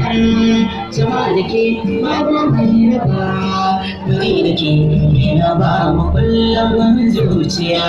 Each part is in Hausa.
har zama da ke babu mai raba bari da ke ba mu kullum zuciya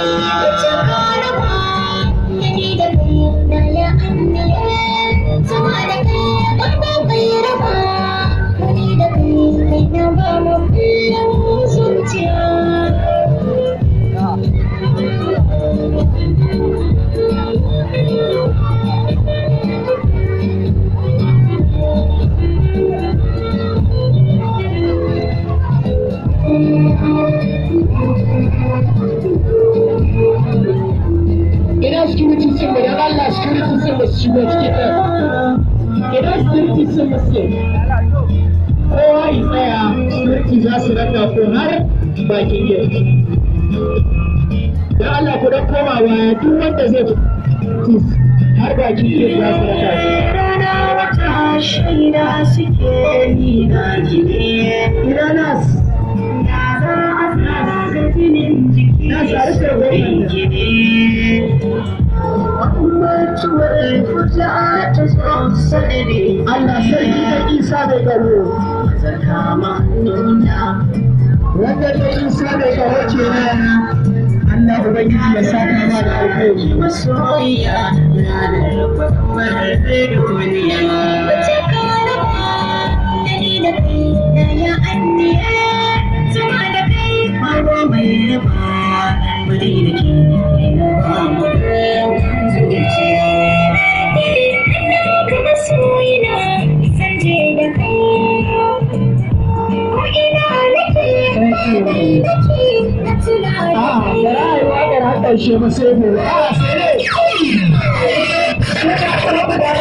Signore, alla scrittissima scimmia Ina sirki sun muske. Kowa ya tsaya sirki za su raka ko har bakin gida. Dan Allah ku dan koma baya duk wanda zai ci har bakin gida za su raka shi. Shida suke yi na jini. Ina nas. Na za a tsara ga jinin jiki. Na tsara ga الفجاعة تشرح صدري أنا سيدنا عيسى دقلو زكاما نمنا wanda ta isa daga wace rana Allah Ubangiji ya saka ma da alheri masoyiya na da rabar duniya wace kala da ni da kai da ya anniya tuma da kai babu mai raba bari da ke ina ba ƙarshe ba sai